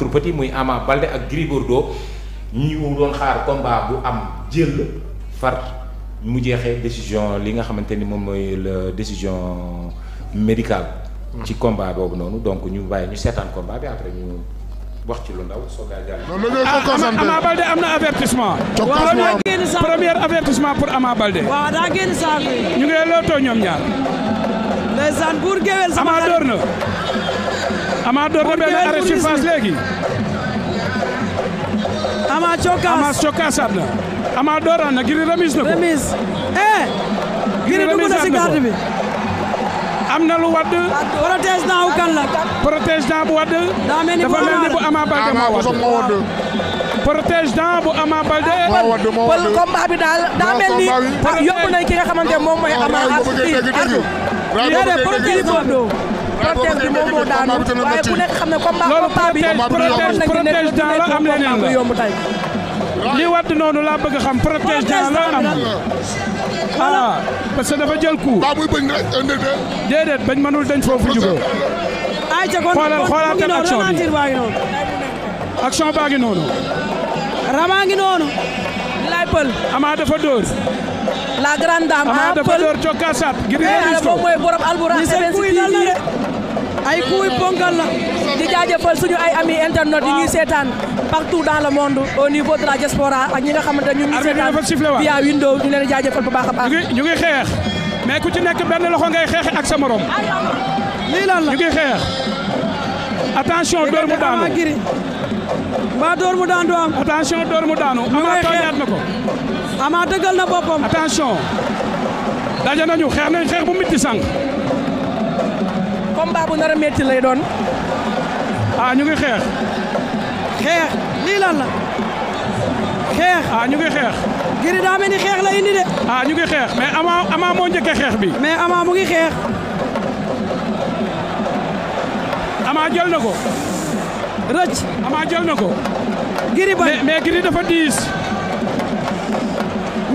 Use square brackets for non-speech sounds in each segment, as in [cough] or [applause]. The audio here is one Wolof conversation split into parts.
tout petit muy Ama Baldé ak Gris Bordeaux ñu doon xaar combat bu am jël far mu jeexee décision li nga xamante ni moom mooy la décision médicale. Hmm. ci combat boobu noonu donc ñu bàyyi ñu seetaan combat bi après ñu. wax ci lu ndaw soog a jàll. Ah, Ama Baldé am na avertissement. waaw avertissement pour Ama Baldé. ñu ngi lootoo ñoom ñaar. ndeysaan door na. Ama door na benn arrêt surface léegi. Ama cokkaas Ama cokkaasaat na. Ama dooran na Gris remise na ko. remise eh. Gris dugg na si garde bi. am na lu wadd. protège dent wu kan la. protège dent bu wadd. daa mel ni bu Ama bu Ama Baldé moo wadd. protège dent bu Ama Baldé. moo wadd combat bi daal daa mel yóbbu nañ ki nga xamante moom mooy Ama. dëgg dëgg dëgg dëgg dëgg protège bi moom moo daanu waaye bu nekk xam ne combat combat bi protège protège daan la am leneen la yomb li wadd noonu laa bëgg xam protège daan la am ah parce que dafa jël coup ba muy bañ déedéet bañ mënul dañ foofu jugoo baa ngi noonu ramaa ngi noonu laay pël amaa dafa dóor la grande dame amaa dafa dóor cokkaasaat gir nga gis ko mooy borom alburax ay kuy ponkal la di jaajëfal suñu ay ami internet yi ñuy seetaan partout dans le monde au niveau de la diaspora ak ñi nga xamante ñu ñuy seetaan via window ñu leen jaajëfal bu baax a baax ñu ngi xeex mais ku ci nekk benn loxo ngay xeexe ak sa morom lii lan la ñu ngi xeex attention door mu daanu mbaa door mu daan du am attention door mu daanu ama tooñaat na ko ama dëggal na boppam attention daje nañu xeex nañ xeex bu mitti sànq combat bu nar a lay doon. ah ñu ngi xeex. xeex lii lan la. xeex ah ñu ngi xeex. Gris daa mel ni xeex la indi de. ah ñu ngi xeex mais ama ama moo njëkkee xeex bi. mais ama mu ngi xeex. ama jël na ko. rëcc. ama jël na ko. Gris bañ mais mais Gris dafa diis.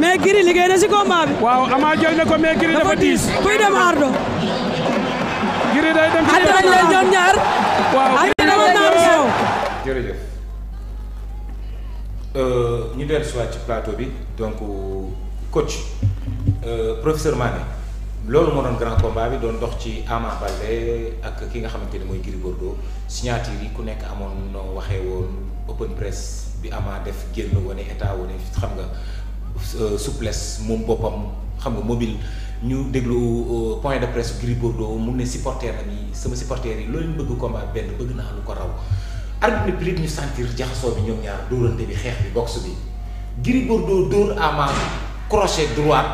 mais Gris liggéey na si combat bi. waaw ama jël na ko mais Gris dafa diis. kuy dem ardo Gris day dem ci euh, ñu dellu si waat ci plateau bi donc coach euh, professeur Mané loolu moo doon grand combat bi doon dox ci Ama Baldé ak ki nga xamante ni mooy Gris Bordeaux signature yi ku nekk amoon noo waxee woon open press bi amaa def génn wane état wane xam nga euh, souplesse moom boppam xam nga mobile. ñu déglu euh, point de presse Gris Bordeaux mu ne supporter am yi sama supporter yi loolu bëgg combat benn bëgg naa lu ko raw arbitre bi ñu sentir jaxasoo bi ñoom ñaar dóorante bi xeex bi boxe bi Gris Bordeaux dóor Ama crochet droite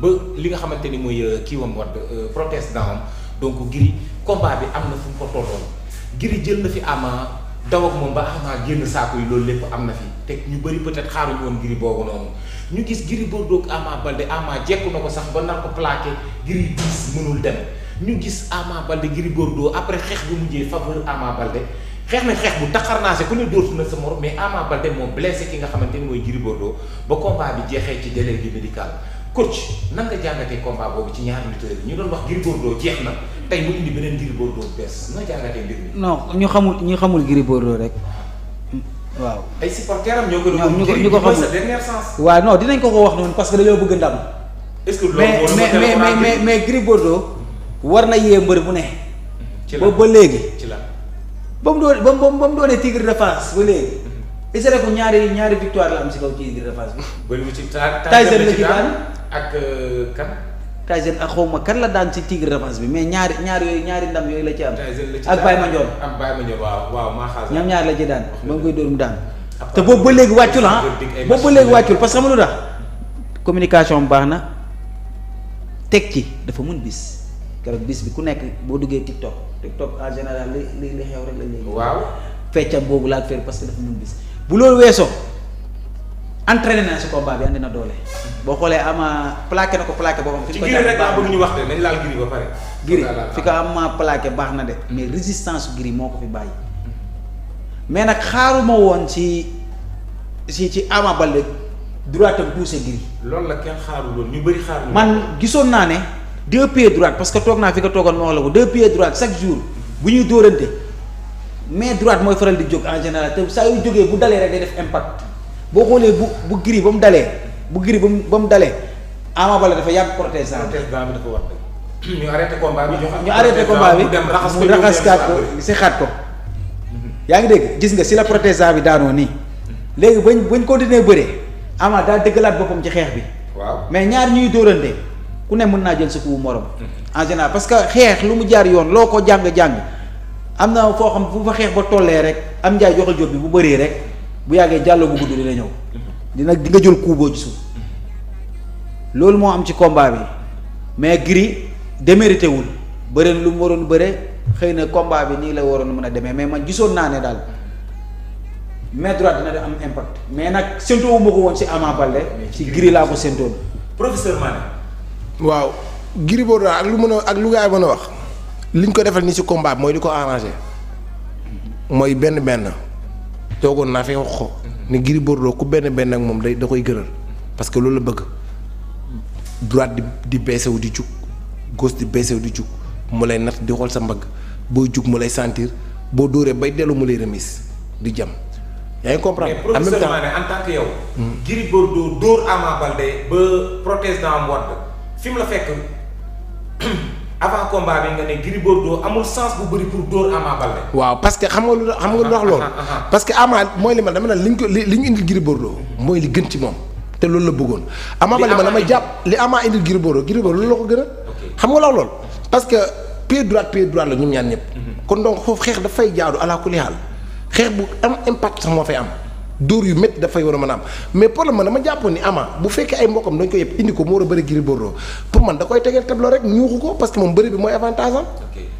ba li nga xamante ni mooy euh, kii wam wadd euh, protestant am donc Gris combat bi am na fu mu ko tolloon Gris jël na fi Ama daw moom ba avant génn saako yi loolu lépp am na fi teg ñu bëri peut-être xaaruñu woon Gris boobu noonu ñu gis Gris Bordeaux ak Ama Baldé Ama jekku na ko sax ba nar ko plaqué Gris diis mënul dem ñu gis Ama Baldé Gris Bordeaux après xeex bu mujjee faveur Ama Baldé xeex na xeex bu taxarnaase ku ne dóortu na sa morom mais Ama Baldé moo blessé ki nga xamante ni mooy Gris Bordeaux ba combat bi jeexee ci délai médical coach nan nga jàngatee combat boobu ci ñaari lutteurs yi ñu doon wax Gris Bordeaux jeex na tey mu indi beneen Gris Bordeaux bees na jàngatee mbir mi. non ñu xamul ñu xamul Gris Bordeaux rek. waaw ay supporters ñoo ko. ñu ñu ko xamul waaw non dinañ ko ko wax noonu parce que dañoo bëgg ndam. est-ce que mais mais mais mais Gris Bordeaux war na yee mbër bu ne. ci la ba léegi. ci la ba mu doon ba mu ba mu doonee Tigre de ba léegi. Mhm. est-ce que ñaari ñaari victoire la am si kaw Tigre de Fass bi. bëriwul ci taay Tyson la ci daan ak euh, kan. Tyson ak xaw ma kan la daan ci Tigre revanche bi mais ñaari ñaar yooyu ñaari ndam yooyu la ci am. ak Baye Mandione ak Baye la ci daan ba nga koy dóor mu daan. te boobu ba léegi wàccul ah boobu ba léegi wàccul parce que xam nga lu tax communication baax na teg ci dafa mën bis. keroog bis bi ku nekk boo duggee TikTok TikTok en général li li xew rek la léegi. waaw feccam boobu laa fër parce que dafa mën bis bu loolu weesoo. entraîné na si combat bi andi na doole. boo xoolee ama plaqué na ko plaqué boo xam. fi ko ci giri rek laa bëgg ñu wax de nañ laal giri ba pare. giri fi ko ama plaqué baax na de mais résistance giri moo ko fi bàyyi. mais nag xaaruma woon ci ci ci ama Baldé droite am poussé giri. loolu la kenn xaarul woon ñu bëri xaarul man gisoon naa ne deux pieds droite parce que toog naa fi nga toogoon ma wax la ko deux pieds droite chaque jour bu ñuy dóorante mais droite mooy fara di jóg en général te jógee bu dalee rek day def impact. boo xoolee bu bu giri ba mu dalee bu giri ba mu ba mu dalee Ama Baldé dafa yàgg protestant bi. protestant bi dafa war ñu arrêté combat bi ñu arrêté combat bi mu raxaskaat ko si xaat ko. Mhm. yaa ngi dégg gis nga si la protestant bi daanoo nii. Mhm. léegi bañ bañ continuer bëree Ama daa dëggalaat boppam ci xeex bi. waaw mais ñaar ñuy dóorante ku ne mën naa jël sa kubu morom. Mhm. en général parce que xeex lu mu jaar yoon loo ko jàng jàng am na foo xam bu fa xeex ba tollee rek am njaay joxal jot bi bu bëree rek. bu yàggee jàllo bu gudd dina ñëw. dina di nga jël coup loolu moo am ci combat bi mais Gris démérité wul bëreen lu mu waroon bëre xëy na combat bi nii la waroon mën a demee mais man gisoon naa ne daal main droite dina def am impact mais nag séntoo wu ko woon ci Ama Baldé ci Gris laa ko séntoon. professeur Mané. waaw Gris Bordeaux ak lu mën a ak lu gaay mën a wax. liñ ko defal ni ci si bi mooy li ko arrangé mooy benn benn. toogoon naa fi wax ko ne Gris Bordeaux ku benn benn ak moom day da koy gënal parce que loolu la bëgg droite di di baissé di jug gauche di baissé wu di jug mu lay natt di xool sa mbagg boo jug mu lay sentir boo dóoree bay dellu mu lay remise di jam yaa ngi comprendre en même yow. Hmm. Gris Bordeaux dóor Ama Baldé ba protestant Wade fi mu la fekk. avant combat bi nga ne Gris Bordeaux amul sens bu bëri pour dóor Ama Baldé. waaw parce que xam nga lu xam nga lu wax loolu. Ah, ah, ah, parce que Ama mooy li ma dama ne li ñu ko li ñu indil Gris Bordeaux mooy li gën ci moom te loolu la bëggoon. Ama Baldé ma dama jàpp li amaa indil Gris Bordeaux Gris Bordeaux loolu la ko gën a. xam nga lu loolu parce que pied droit pied droit la ñoom ñaan ñëpp. Mhm. kon donc foofu xeex dafay jaadu ala kulli xaal xeex bu am impact sax moo fay am. dóor yu métti dafay war a man am mais problème man dama jàpp ni ama bu fekkee ay mbokkam dañ ko yëpp indi ko mu war a bëri Gris pour man da koy tegeel tableau rek ñuuxu ko parce que moom bëri bi mooy avantage am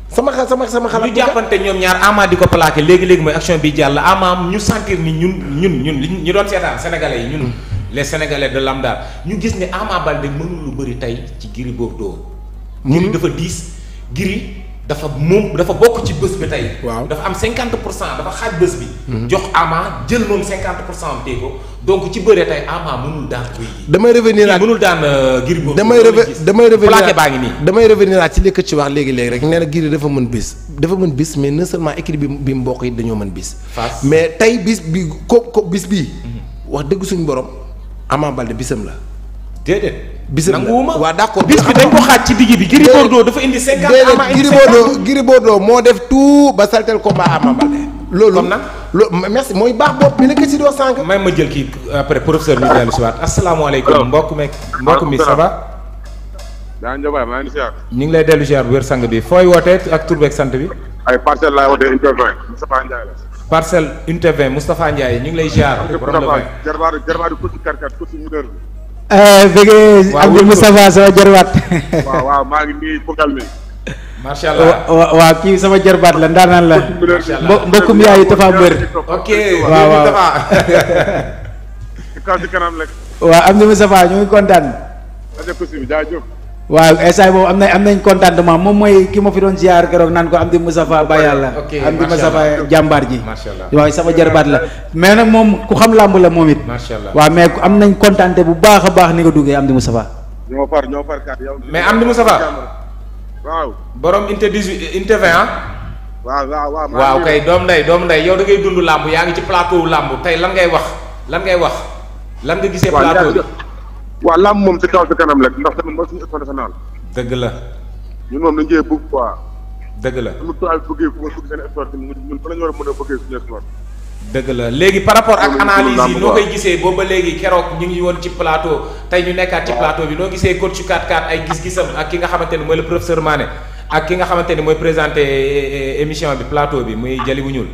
sama xa sama sama xalaat ñu jàppante ñoom ñaar ama di ko plaqué léegi-léegi mooy action bi jàll ama ñu sentir ni ñun ñun ñun li ñu doon seetaan sénégalais yi ñun mm. les sénégalais de lambda ñu gis ne Ama Baldé mënul lu bëri tey ci Gris Bordeaux ñun mm-hmm. dafa diis Gris dafa moom dafa bokk ci bés bi tey. waaw dafa am cinquante pour cent dafa xaaj bés bi. Mhm. jox Ama jël moom 50 pour cent am donc ci bëree tey Ama mënul daan Gouye damay revenir ak mënul daan euh, Gris Bordeaux. damay damay revenir plaqué baa ngi nii. damay revenir ci li ci wax léegi léegi rek nee na Gris dafa mën bis dafa mën bis mais non seulement équipe bi bi mu bokk yi dañoo mën bis. mais tey bis bi ko ko bis bi mhm. wax dëgg suñu borom Ama Baldé bisam la. bisam nanguwuma waaw d'accord bis bi dañ ko xaaj ci digg bi Gris Bordeaux dafa indi cinquante ama indi cinquante Gris Bordeaux moo def tout ba saltel combat Ama Baldé loolu comme nag loolu merci mooy baax bopp bi nekk si doo sànq may ma jël kii après professeur ñu dellu si waat asalaamaaleykum mbokk meek mbokk mi ça va daa njabaay maa ngi siyaar ñu ngi lay dellu siyaar bu wér sang bi fooy wootee ak tur beeg sant bi ay parcelle laay wootee unité 20 Moustapha Ndiaye la parcelle unité 20 Moustapha Ndiaye ñu ngi lay siyaar jarbaatu jarbaatu kursi karkat kursi mineur bi Eh, bëggee Abdou Moustapha sama jarbaat. waaw waaw kii sama jarbaat la ndaanaan la. macha mbokkum yaayu Tafa Mbër. ok waaw waaw. [laughs] ci kaw ñu ngi kontaan. rajo waaw instant boobu am na am nañ contentement moom mooy ki ma fi doon ziar keroog naan ko am di Moustapha Ba yàlla am di Moustapha jàmbaar ji waaw sama jarbaat la mais na moom ku xam làmb la moom it waaw mais am nañ contenté bu baax a baax ni nga duggee am di Moustapha ñoo far ñoo far kat yow mais am di Moustapha waaw borom inte dix-huit inte ah. waaw waaw kay doom nday doom nday yow da ngay dund làmb yaa ngi ci plateau làmb tey lan ngay wax lan ngay wax lan nga gisee plateau bi waaw làmb moom si kaw si kanam rek ndax tamit mooy suñu sport national. dëgg la. ñun moom dañu cee bëgg dëgg la suñu toile bëggee fu ma bëgg seen sport ñun ñun fa la ñu la léegi par rapport ak analyse yi noo koy gisee booba léegi keroog ñu ngi woon ci plateau tey ñu nekkaat ci plateau bi noo gisee coach 4-4 ay gis-gisam ak ki nga xamante ni mooy la professeur Mané ak ki nga xamante ni mooy présenté eh, eh, émission bi plateau bi muy jëli wu ñuul.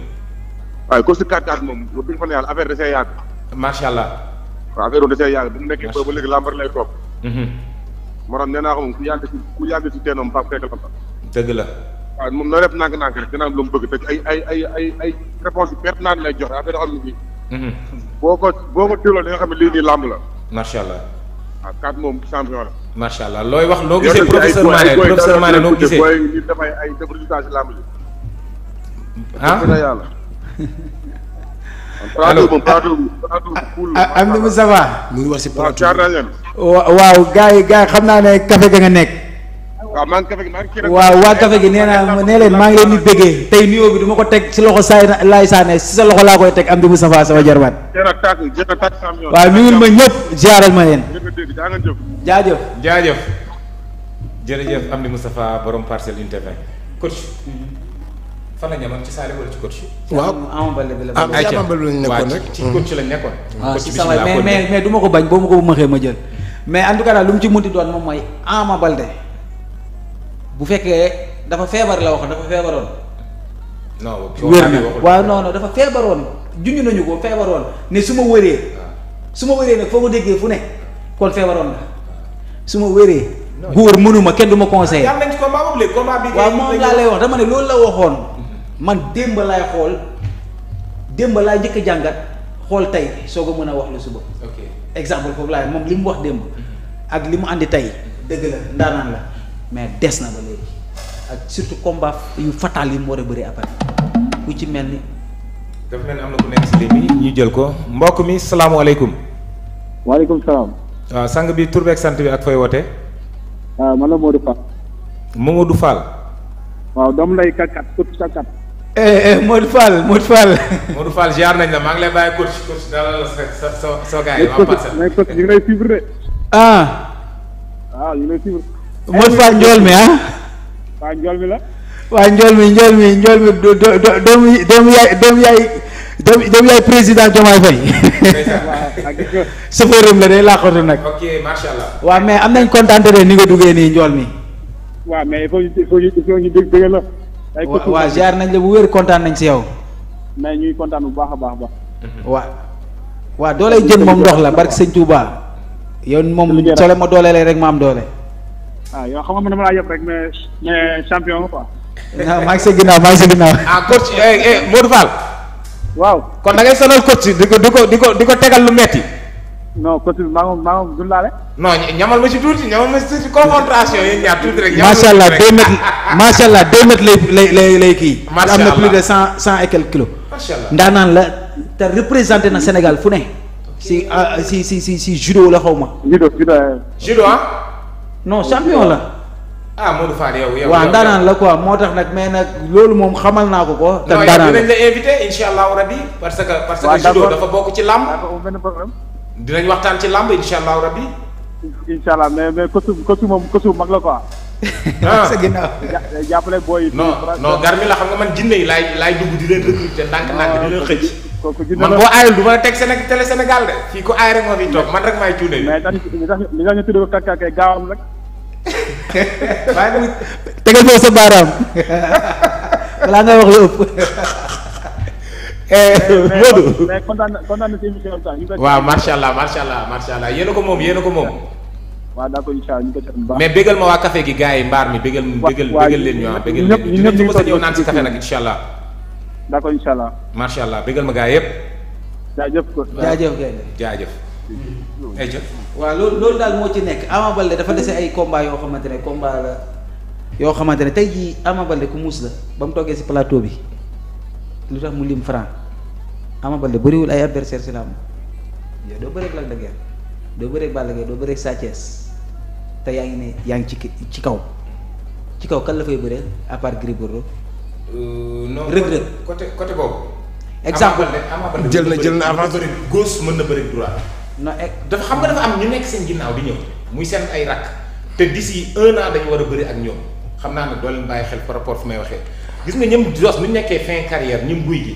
waaye coach 4-4 moom bu ñu fa ne yàlla affaire de say yàgg. macha allah. waaw affaire boobu da cee yàgg bi mu nekkee ba ba léegi lambar lay toog. Mhm. moo tax nee naa ko moom ku yàgg si ku yàgg si teenoom paam fekk la fa. dëgg la. waaw moom na def nànk-nànk rek dina am lu mu bëgg te ay ay ay ay ay réponses yu pertinent lay joxe affaire am ni bi mhm. boo ko boo ko tiwloo da nga xam ne lii nii làmb la. macha allah. waaw kat moom champion la. macha allah looy wax noo gisee professeur Mané professeur Mané noo gisee. yéen a ngi ay ay ay def résultat si làmb ji. ah yàlla. [laughs] allo am na Moussa mu ngi wax si plateau waaw gars yi gars xam naa ne café ga nga nekk. waaw waa kafe gi nee naa nee leen maa ngi leen di bëggee tey nuyoo bi du ma ko teg si loxo saay laay saane si sa loxo laa koy teg am di Moussa Ba sama jarbaat. waaw nuyul ma ñëpp ziaral ma leen. jaajëf jaajëf. jërëjëf Amdi Moustapha borom parcelle unité 20 fan la ñu amoon ci saali wala ci waaw la ah, nekkoon rek ah, sama mais mais mais du ma ko bañ boo ma ko mëxee ma jël. mais en tout lu mu ci munti doon moom mooy Ama Baldé bu fekkee dafa feebar la wax dafa feebaroon. non wér na waaw non non dafa feebaroon junj nañu ko feebaroon ne su ma wëree. Ah. su ma wëree ne foo ko déggee fu ne kon feebaroon la su ma wëree. góor mënuma kenn du ma conseillé. waaw moom laa lay wax dama ne loolu la waxoon. man démb laay xool démb laay njëkk jàngat xool tey soo ko mën a wax la suba. ok exemple foofu laay moom li mu wax démb. Mhm. ak li mu àndi tey. dëgg la ndaanaan la mais des na ba léegi ak surtout combat yu fatal yi mu a bëri après ku ci mel ni. dafa mel ni am na ku nekk si ligne bi ñu jël ko mbokk mi salaamaaleykum. waaleykum salaam. waaw ah, sang bi tur beeg sant bi ak fay woote. waaw ah, man la Modou Fall. Mamadou Fall. waaw doomu lay kakkat kut kakkat. Eh, eh, Modou Fall Modou Fall. Modou Fall ziar nañ la maa ngi lay bàyyi coach coach dalal la mi ah. waa njool mi la. waa njool mi njool mi njool mi do do doomu yaay doomu yaay doomu yaay président Diomaye Faye. sëfëram la day laaxatu nag. ok macha allah. waaw mais am nañ kontaan ni nga duggee nii njool mi. ay waaw ziar nañ la bu wér kontaan nañ si yow. mais ñuy kontaan bu baax a baax a baax. waaw waaw dooley jën moom ndox la barke sëñ Touba. yow moom sole ma doolelee rek ma am doole. waaw ah, yow xam nga man dama laa yëpp rek mais mais champion ma quoi. non [laughs] ah, maa ngi sa ginnaaw maa ngi sa ginnaaw. ah coach eh, eh, Modou Fall. waaw kon da ngay sonal coach di ko di ko di ko di ko tegal lu metti non côté bi maa ngi maa ngi dund laale. non ñamal ma ci tuuti ñamal ma ci tuuti concentration yéen ñaar macha allah deux mètres [laughs] macha allah deux mètres lay lay lay kii. macha allah am na plus de cent cent et quelques kilos. macha allah ndaanaan la te représenté na Sénégal fu ne. si ah, si si si si judo la xaw ma. judo judo eh. judo ah. non champion la. ah yow yow waaw ndaanaan la quoi moo tax nag mais nag loolu moom xamal naa ko ko. te ndaanaan la la invité incha allah rabi parce que parce que judo dafa bokk ci làmb. dinañ waxtaan ci làmb incha allahu rabbi. incha allah mais mais kosu kosu moom kosu mag la quoi. ah jàppale booy yi. non non gar la xam nga man jinne yi laay laay dugg di leen recruter ndànk-ndànk di xëcc. kooku jinne la man boo aayul du ma teg Séné télé Sénégal de. fii ku aay rek moo fi toog man rek maay cuune. mais tax li tax li tax ñu tudd ko kàkkaay gaawam rek. [laughs] waaye tegal ma sa baaraam [laughs] balaa nga wax lu ëpp. Eh, eh, Modou mais kontaan na kontaan na si émission bi waaw macha allah macha allah macha allah yéen a ko moom yéen a ko moom. waaw d'accord incha allah ñu ko mais bégal ma waa café gi gars yi mbaar mi bégal. bégal bégal leen ñu ah bégal leen ñu ñëpp ñu ñëw naan si café nag incha allah. d'accord incha allah. macha allah bégal ma yëpp. jaajëf ko jaajëf kay mm-hmm. eh, loolu loolu daal moo ci nekk Ama Baldé dafa dese ay combat yoo xamante ne combat la yoo xamante ne tey jii Ama Baldé ku muus la ba mu toogee si plateau bi lu tax mu lim Franc Ama Baldé bëriwul ay adversaire si làmb yow doo bëreeg Lac de Guiers doo bëreeg Balla Gaye doo bëreeg Sa Thiès te yaa ngi ne yaa ngi ci ci kaw ci kaw kan la fay bëreel à part Gris Bordeaux. Euh, non Reug Reug côté côté boobu. exemple Ama Baldé jël na jël na avance gos mën na bëri droit. non eh, dafa xam nga dafa am ñu nekk seen ginnaaw di ñëw muy seen ay rakk te d'ici un an dañu war a bëri ak ñoom xam naa ne doo leen bàyyi xel par may waxee. gis nga ñoom Zoss bu nekkee fin carrière ñoom guy gi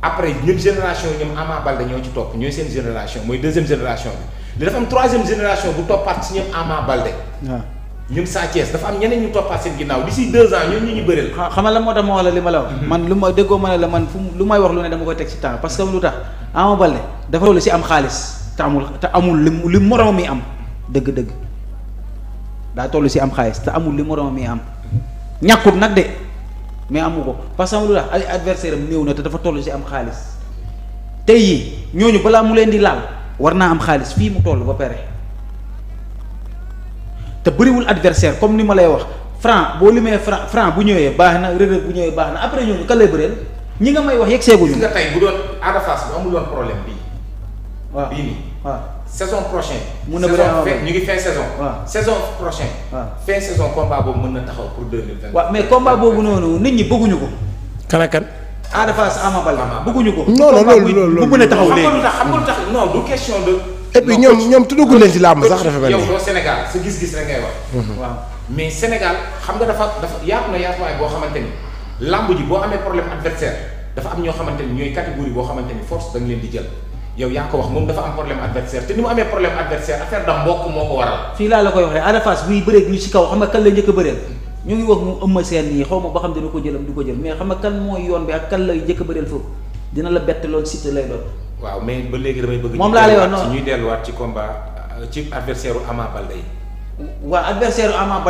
après ñoom génération ñoom Ama Baldé ñoo ci topp ñooy seen génération mooy deuxième génération bi li dafa am troisième génération bu toppaat si ñoom Ama Baldé. waaw ah. ñoom Sa Thiès dafa am ñeneen ñu toppaat seen ginnaaw si deux ans ñoom ñu ñu bëreel. xam nga la moo tax ma wax la li ma la wax. Mhm. man lu ma déggoo ma ne la man fu lu may wax lu ne dama koy teg ci temps parce lu tax Ama Baldé dafa toll si am xaalis te amul te amul lim li moroom mi am dëgg-dëgg daa si am xaalis amul li mi am. ñàkkut nag de mais amu ko parce que am lu tax ay adversaire am néew na te dafa toll ci am xaalis tey yi ñooñu balaa mu leen di laal war naa am xaalis fii mu toll ba pare te bëriwul adversaire comme ni ma lay wax franc boo limee franc franc bu ñëwee baax na rëdd bu ñëwee baax na après ñooñu kan lay bëreel ñi nga may wax yegg seeguñu. nga tey bu doon Ada Fass bu amul woon problème bii. waaw bii nii waaw. saison prochaine. mun na bëri ñu ngi fin saison. waaw saison prochaine. waaw fin saison combat boobu mën na taxaw pour deux mille vingt. waaw mais combat boobu noonu nit ñi bëgguñu ko. kan ak kan. Ada Fass Ama Baldé bëgguñu ko. non non loolu bu mën taxaw léegi lu tax non du question de. et puis ñoom ñoom tuddaguñ leen ci làmb sax dafa mel ni. yow doo Sénégal sa gis-gis rek ngay wax. Mhm. waaw mais Sénégal xam nga dafa dafa yaatu na yaatuwaay boo xamante ni làmb ji boo amee problème adversaire dafa am ñoo xamante ni ñooy catégorie boo xamante ni force da nga leen di jël yow yaa ko wax moom dafa am problème adversaire te ni mu amee problème adversaire affaire da mbokk moo ko waral. fii laa la koy waxee Ada buy bëreeg ñu ci kaw xam nga kan la njëkk a bëreel ñu ngi wax mu ëmm seen nii xaw ma ba xam dina ko jëlam du ko jël mais xam nga kan mooy yoon bi ak kan lay njëkk a bëreel foofu dina la bett loolu Siteu lay doon. waaw mais ba léegi damay bëgg. moom laa lay wax noonu ñuy delluwaat ci combat euh, ci adversaire u Ama Baldé yi. waaw adversaire u Ama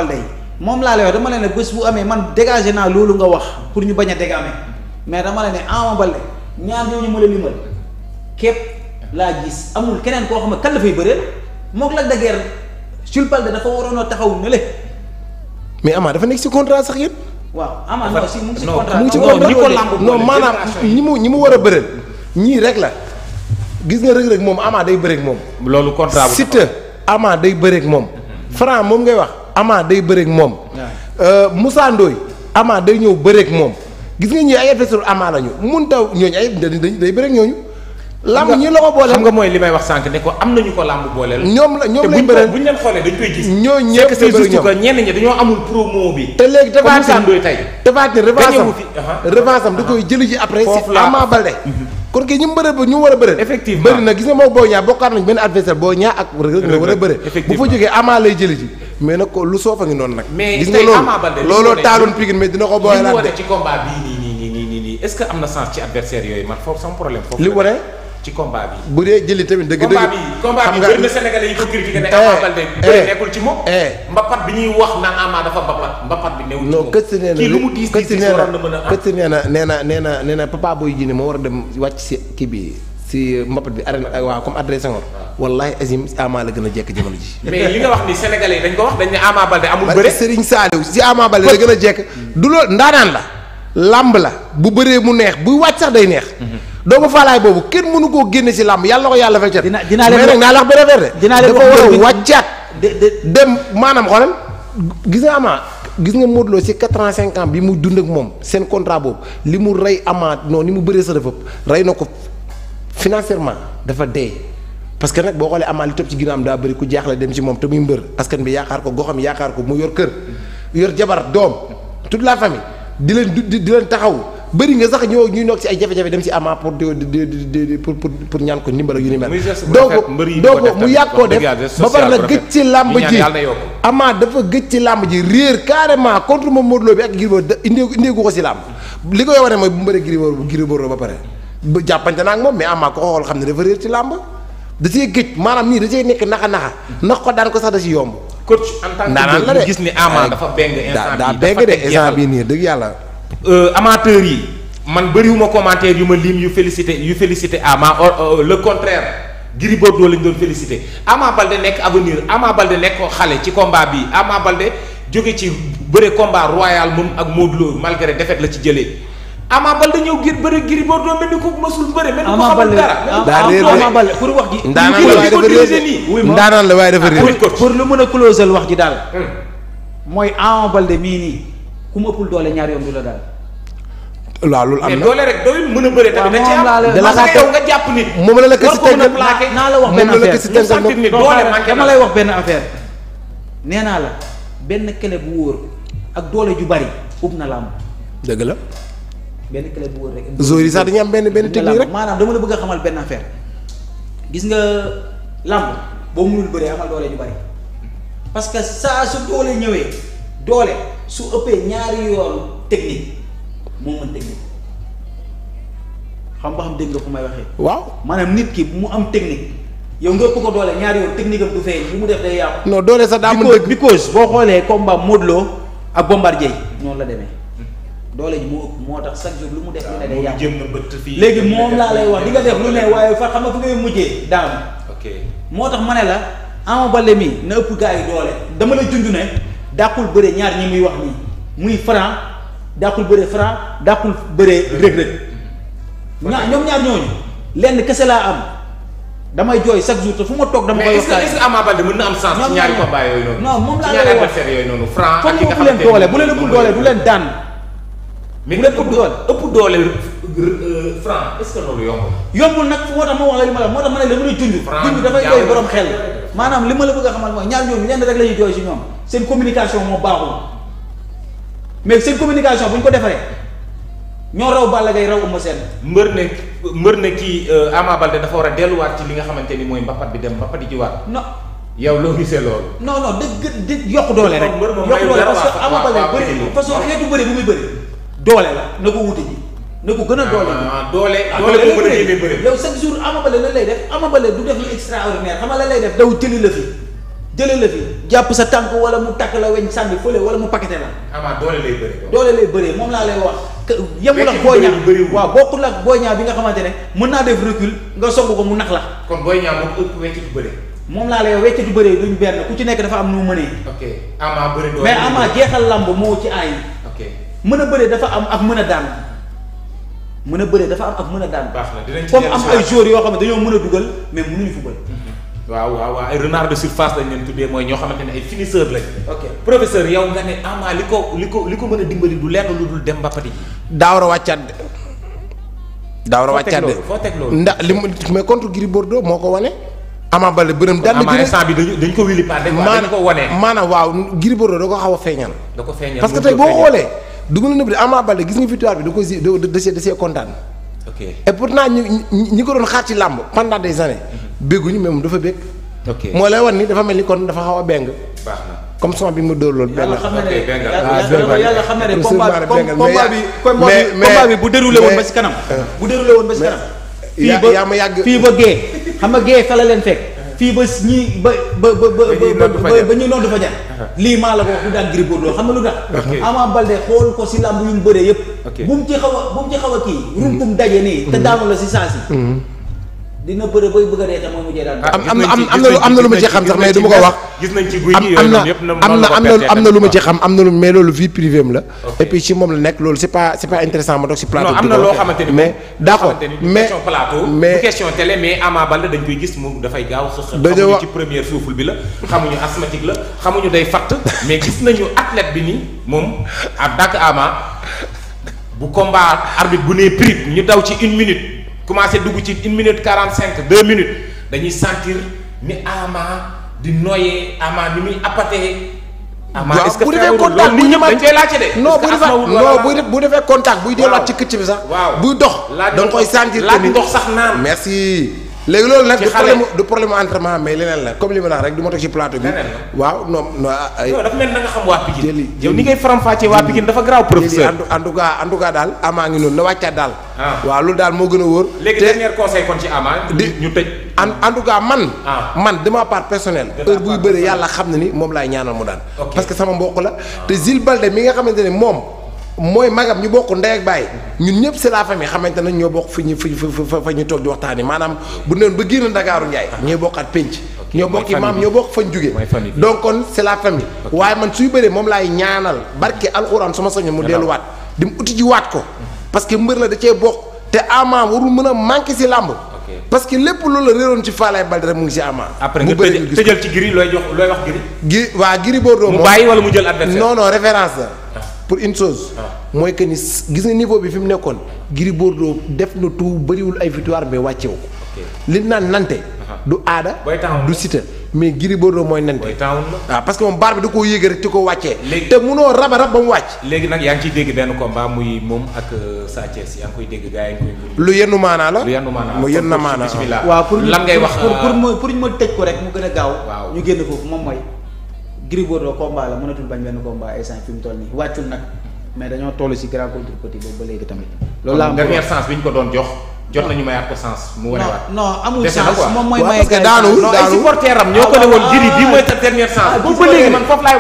moom laa lay dama leen ne bu amee man dégagé naa loolu nga wax pour ñu bañ a dégaame mais dama leen ne Ama Baldé ñaar ñooñu ma la képp laa gis amul keneen koo xam ne kan la fay bëreel moog Lac de Guiers Jules Baldé dafa waroon a taxaw ne le mais Ama dafa nekk si contrat sax yëpp waaw Ama non si mu ngi ci contrat mu ngi ñi mu ñi mu war a bëreel ñii rek la gis nga rëg-rëg moom Ama day bëreek moom. loolu contrat bu Siteu Ama day bëreek moom. Franc moom ngay wax Ama day bëreek moom. Euh, Moussa Ndoye Ama day ñëw bëreeg moom. gis nga ñii ay adversaire Ama la mun taw a ñooñu ay day bëreeg ñooñu. làmb ñi la ko booleel xam nga mooy li may wax sànq ne ko am nañu ko làmb booleel. ñoom la ñoom lañ bëreel te buñ leen xoolee dañ koy gis. ñoo ñëpp c'est juste que ñenn ñi dañoo amul promo bi. te léegi Tapha Tine mhm. ñu war a bëre. bëri na gis nga moom Boy Niang bokkaat nañu benn adversaire Boy Niang ak. Reug Reug la war a bëre bu fa jógee Ama lay jëli ji. mais nag ko lu soofa ngi noonu nag. gis nga loolu looloo taaloon Pikine mais dina ko booyalaat de. ci combat bii nii nii nii est que am na sens ci adversaire ci combat bi. bu dee jëli tamit dëgg dëgg. combat bi combat bi bëri na sénégalais eh, eh, nekkul ci moom. Eh. mbapat bi ñuy wax naan Ama dafa mbapat mbapat bi newul ci moom. këstu nee na kii lu mu diis diis na nee na nee nee na nee na papa booy ji moo war a dem wàcc si kii bi. si mbapat bi arène waaw comme adressé woon wallahi azim Ama la gën a jekk jamono ji. [laughs] mais li nga wax ni sénégalais dañ ko wax dañ ne Ama Baldé amul bëre. Serigne Saliou si Ama Baldé la gën a jekk du lool ndaanaan la làmb la bu bëree mu neex bu wàcc sax day neex. doomu faalaay boobu kenn mënu koo génne si làmb yàlla na ko yàlla fay cat. dina dina leen mais nag naa la wax a wàccaat. dem maanaam xoolal gis nga amaa gis nga Modou Lo si quatre-vingt-cinq ans bi mu dund ak moom seen contrat boobu li mu rey amaa non ni mu bëree sa dafa rey na ko financièrement dafa dee. parce que nag boo xoolee amaa li topp ci ginnaawam daa bëri ku jaaxle dem ci moom te muy mbër askan bi yaakaar ko goxam yaakaar ko mu yor kër yor jabar doom toute la famille di leen di di leen taxaw bari nga sax ñoo ñuy noog ci ay jafe-jafe dem ci ama pour di pour pour ñaan ko ndimbal ak yu ni mel. donc mu yàgg def ba pare na gëj ci làmb ji ama dafa gëj ci làmb ji réer carrément contre moom Modou Lo bi ak Gris ko ci làmb li koy wane mooy bu mu bëree Gris Bordeaux Gris Bordeaux ba pare ba na moom mais ama ko xool xam ne dafa réer ci làmb da géej maanaam nii da nekk naxa naxa nax ko daan ko sax da ci yomb. coach en tant que ñu gis ni Ama dafa beng instant bii dafa de instant bii nii dëgg yàlla. Euh, amateurs yi man bëriwuma commentaire yu ma liim yu félicité yu félicité Ama euh, le contraire. Gris Bordeaux lañ doon félicité Ama Balde nekk avenir Ama Balde nekk xale ci combat bi Ama Balde jóge ci bëre combat royal moom ak Modou Lo malgré défaite la ci jëlee. Ama Baldé ñëw ngir bëri Gris Bordeaux mel ni ku mësul bëri. mel ni ku xamul dara pour wax ji. ndaanaan la waaye dafa réer ndaanaan la waaye dafa réer pour lu mën a closer wax ji daal. Hmm. mooy Ama Baldé mii nii ku mu ëppul doole ñaar yoon du la daal. waaw loolu am na mais doole rek ka mën a bëre tamit da ci am parce que yow nga jàpp moom la la ko si tënkal moom dama lay wax benn affaire. nee naa la benn kele bu wóor ak doole ju bari ub na làmb dëgg la benn clé bu wóor rek. zori sax dañuy am benn benn technique rek maanaam dama la bëgg a xamal benn affaire gis nga làmb boo mënul bëree amal doole ju bari parce que saa su doole ñëwee doole su ëppee ñaari yoon technique moo mën technique xam ba xam dégg nga fu may waxee. waaw maanaam nit ki mu am technique. yow nga ëpp ko doole ñaari yoon technique am du feeñ mu def day yàqu. non doole sa daa mën dëgg because boo xoolee combat Modou Lo ak Bombardier noonu la demee. doole ji moo ëpp tax chaque lu mu def lu ne day yàq léegi moom laa lay wax di nga def lu ne waaye fa xam nga fu ngay mujjee daan ok moo tax ma ne la Ama bale mi na ëpp gars yi doole dama la junj ne dàqul bëre ñaar ñi muy wax nii muy Franc dàqul bëre Franc dàqul bëre Reug Reug ñaar ñoom ñaar ñooñu lenn kese laa am damay jooy chaque jour te fu ma toog dama koy waxtaan mais est-ce que Ama Baldé na am sens ci ñaari combat yooyu noonu non moom laa lay wax ci ñaari adversaire yooyu noonu Franc ak ki nga xamante ne bu leen doole bu leen ëppul doole du leen daan mais ëpp doole ëpp euh, doole franc est-ce que loolu yombul. yombul nag moo tax ma wax la ma la moo tax ma ne la mën a junj. junj dafay doy borom xel. maanaam li ma la bëgg a xamal mooy ñaar ñoom lenn rek la ñuy jooy si ñoom seen communication moo baaxul mais seen communication bu ñu ko defaree ñoo raw Balla Gaye raw Eumeu Sène. mbër ne mbër ne kii euh, Ama Baldé dafa war a delluwaat ci li nga xamante ni mooy mbapat bi dem mbapat di ci waat. non yow loo gisee loolu. non non dëgg dëgg yokk doole rek. yokk doole doole la na ko wute ji na ko gën a doole ah, ah, doole doole bëri yow chaque jour Ama Baldé lan lay def Ama Baldé du def lu extraordinaire xam nga lay def daw jëli la fi jëlee la fi jàpp sa tànk wala mu takk la weñ sànni fële wala mu pakete la. ah doole lay bëree. doole lay bëree moom laa lay wax. yemul ak Boy Niang waaw bokkul ak Boy Niang bi nga xamante ne mën naa def recul nga song ko mu nax la. kon Boy Niang moom ëpp wecc du bëree. moom laa lay wecc du bëree duñ benn ku ci nekk dafa am nu mu mënee. ok Ama bëri doole mais Ama moo ci aay. ok. mën a bëree dafa am ak mën a daan mën a bëree dafa am ak mën a daan. baax na dinañ ci comme am ay joueurs yoo xam ne dañoo mën a dugal mais mënuñu football. Mm-hmm. waaw waaw waaw ay lañ leen tuddee mooy ñoo xamante ne ay finisseur lañ. ok professeur yow nga ne ko li ko li ko dimbali du lenn lu dul dem mbappati ji. daawara wàccaat de. daawara wàccaat de teg loolu ndax li mais contre Gris Bordeaux moo ko wane. Ama Baldé bërëm daan na gën a bi dañ ko wili par dañ ko wane. maanaam waaw Gris Bordeaux da ko xaw a feeñal. da ko feeñal parce que tey boo xoolee. dugal na bi Ama Baldé gis nga victoire bi da ko si da kontaan. ok et pourtant ñu ñi ko doon xaar làmb pendant des années. Mhm. bégguñu mais moom dafa bég. ok moo lay wan ni dafa mel ni kon dafa xaw a beng. baax na comme son bi mu dóor loolu. benn xam na ne yàlla xam na ne ah, combat bi combat bi bu déroulé woon ba ci kanam. Euh, bu woon ba ci kanam. fii ba fii ba gée xam a gée fa la leen fekk. fii ba ñi ba ba ba ba ba ñu noonu dafa lii maa la ko wax du daan Gris Bordeaux xam nga lu tax Ama Baldé xool ko si làmb yu bëree yëpp bu mu ci xaw a bu mu ci xaw a kii runtum daje nii te mm-hmm. daanu la si saa si mm-hmm. dina bëre a dee am na am na lu ma ci xam sax mais du ma ko wax. na am na am na am na lu ma ci xam am na lu mais loolu vie privée am la. et puis ci moom la nekk loolu c'est pas c'est pas intéressant ma toog ci plateau. non am na loo xamante ni mais d'accord mais gis moom a. dañoo bi la. xamuñu asthmatique la xamuñu day fatt mais gis nañu athlète bi nii moom ak dàq Ama bu combat arbitre bu nee prix ñu daw ci une minute commencé dugg ci une minute quarante cinq deux minutes dañuy sentir ni Ama di noyee Ama ni muy appatee. Ama est-ce que bu defee contact buy ñëwaat de. non bu defee non defee contact buy delluwaat ci këcc sax. waaw buy dox. da nga koy sentir tamit laaj ndox sax naan merci. léegi loolu nag du problème du problème entraînement leneen la comme li ma la wax rek du ma toog ci plateau bi. waaw non non. Ah, waa Pikine. jëli yow ni ngay faram-fàccee waa Pikine dafa garaaw professeur. en tout cas en ngi noonu na wàccaat daal. Ah. waaw daal moo gën wóor. léegi dernier conseil kon di ñu tëj. en en tout cas man. Ah. man de ma part personnelle. heure buy bëri yàlla xam na ni moom laay ñaanal mu daal parce que sama mboq la te Zil Balde mi nga xamante ne moom. mooy magam ñu bokk ndey ak baay ñun ñëpp c'est la famille xamante nañ ñoo bokk fi ñu fi fa ñu toog di waxtaanee maanaam bu neen ba génn Ndakaaru Njaay ah. ñooy bokkaat pénc ñoo bokk maam ñoo bokk fañ jógee donc kon c'est la famille waaye man suy bëree moom laay ñaanal barke alxuraan su ma sañoon mu delluwaat di mu uti ji waat ko parce que mbër la da cee bokk te Ama warul mën a manqué si làmb parce que lépp loolu la réeroon ci Falaye Baldé mu ngi si Ama. mu bëri ci Gris looy jox looy wax Gris. Gris waa wala mu jël adversaire non la. pour une sos ah. mooy que ni gis nga niveau bi fi mu nekkoon. Gris Bordeaux def na tout bëriwul ay victoire mais wàcce wu ko. li naan nante. du aada. du Siteu mais Gris Bordeaux mooy nante. waaw ah, parce que moom baar bi da koo yéege rek ci ko wàccee. te munoo raba rab ba mu wàcc. léegi nag yaa ngi ciy dégg benn combat muy moom ak euh, Sa Thiès yaa lu yenn maanaa la lu yenn maanaa la mu yenn maanaa. bisimilah waaw pour lan ngay wax pour pour euh, ma tëj ko rek mu gën a gaaw. ñu génn foofu moom mooy. Gris Bordeaux combat la mënatul bañ benn combat instant fi mu toll nii wàccul nag mais dañoo toll si grand contre boobu ba léegi tamit. loolu la ko doon jox. jot nañu mayaat ko sens mu wanewaat. non amul sens moom mooy maye gars daanu non ay supporter am ñoo ah, ah, ah. ba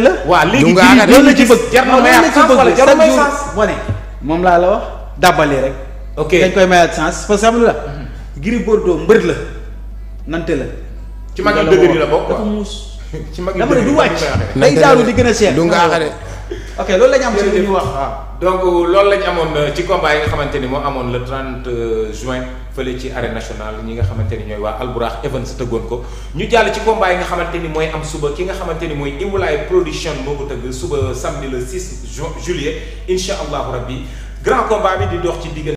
la. waaw léegi moom laa la wax dàbbali rek. dañ koy mayaat sens parce que la mhm. Gris Bordeaux mbër la nante la ci mag yu dëgër yi la bokk dafa muus. ci mag yu dëgër du wàcc day daanu di gën a seet. du nga xare ok loolu la am ci li ñu wax ah. loolu la amoon euh, ci combat nga xamante ni moo amoon le 30 euh, juin fële ci arène nationale ñi nga xamante ni ñooy waa Alburax Evans tëggoon ko ñu jàll ci combat yi nga xamante ni mooy am suba ki nga xamante ni mooy Iwulaay production moo ko tëgg suba samedi le 6 juillet incha allahu rabbi grand combat bi di dox ci diggante.